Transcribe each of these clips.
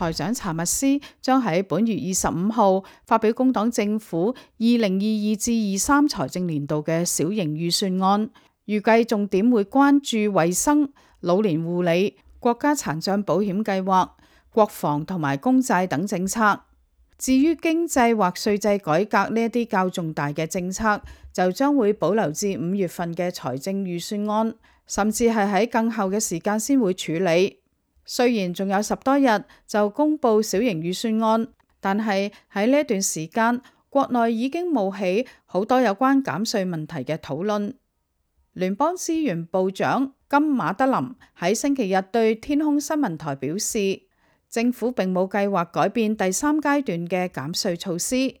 財長查默斯將喺本月二十五號發表工黨政府二零二二至二三財政年度嘅小型預算案，預計重點會關注衛生、老年護理、國家殘障保險計劃、國防同埋公債等政策。至於經濟或稅制改革呢一啲較重大嘅政策，就將會保留至五月份嘅財政預算案，甚至係喺更後嘅時間先會處理。雖然仲有十多日就公布小型預算案，但係喺呢段時間，國內已經冒起好多有關減稅問題嘅討論。聯邦資源部長金馬德林喺星期日對天空新聞台表示，政府並冇計劃改變第三階段嘅減稅措施。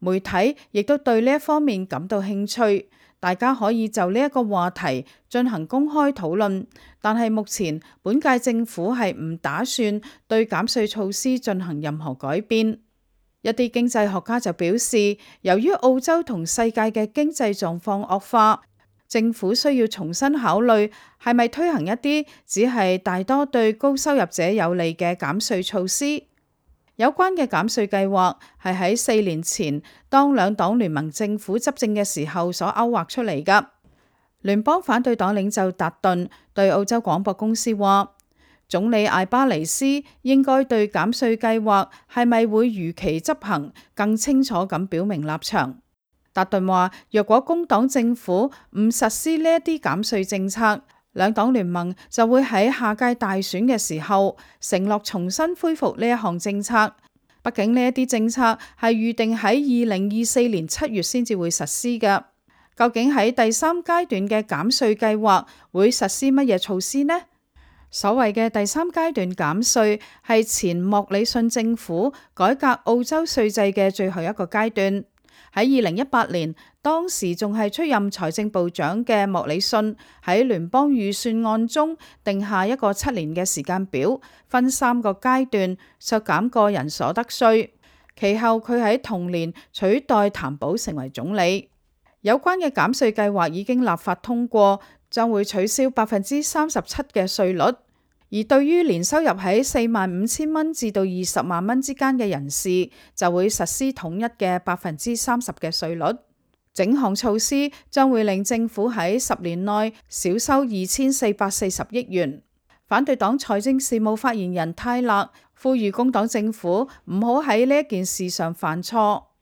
媒體亦都對呢一方面感到興趣，大家可以就呢一個話題進行公開討論。但係目前本屆政府係唔打算對減稅措施進行任何改變。一啲經濟學家就表示，由於澳洲同世界嘅經濟狀況惡化，政府需要重新考慮係咪推行一啲只係大多對高收入者有利嘅減稅措施。有關嘅減稅計劃係喺四年前當兩黨聯盟政府執政嘅時候所勾畫出嚟㗎。聯邦反對黨領袖達頓對澳洲廣播公司話：總理艾巴尼斯應該對減稅計劃係咪會如期執行更清楚咁表明立場。達頓話：若果工黨政府唔實施呢一啲減稅政策，兩黨聯盟就會喺下屆大選嘅時候承諾重新恢復呢一項政策。畢竟呢一啲政策係預定喺二零二四年七月先至會實施㗎。究竟喺第三階段嘅減稅計劃會實施乜嘢措施呢？所謂嘅第三階段減稅係前莫里遜政府改革澳洲稅制嘅最後一個階段。喺二零一八年，當時仲係出任財政部長嘅莫里遜喺聯邦預算案中定下一個七年嘅時間表，分三個階段削減個人所得稅。其後佢喺同年取代譚寶成為總理。有關嘅減稅計劃已經立法通過，將會取消百分之三十七嘅稅率。而對於年收入喺四萬五千蚊至到二十萬蚊之間嘅人士，就會實施統一嘅百分之三十嘅稅率。整項措施將會令政府喺十年內少收二千四百四十億元。反對黨財政事務發言人泰勒呼籲工黨政府唔好喺呢一件事上犯錯。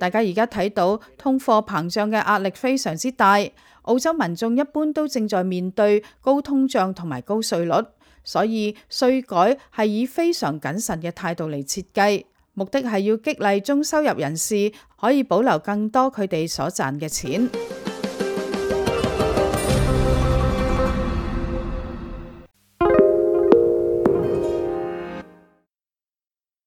大家而家睇到通貨膨脹嘅壓力非常之大，澳洲民眾一般都正在面對高通脹同埋高稅率，所以稅改係以非常謹慎嘅態度嚟設計，目的係要激勵中收入人士可以保留更多佢哋所賺嘅錢。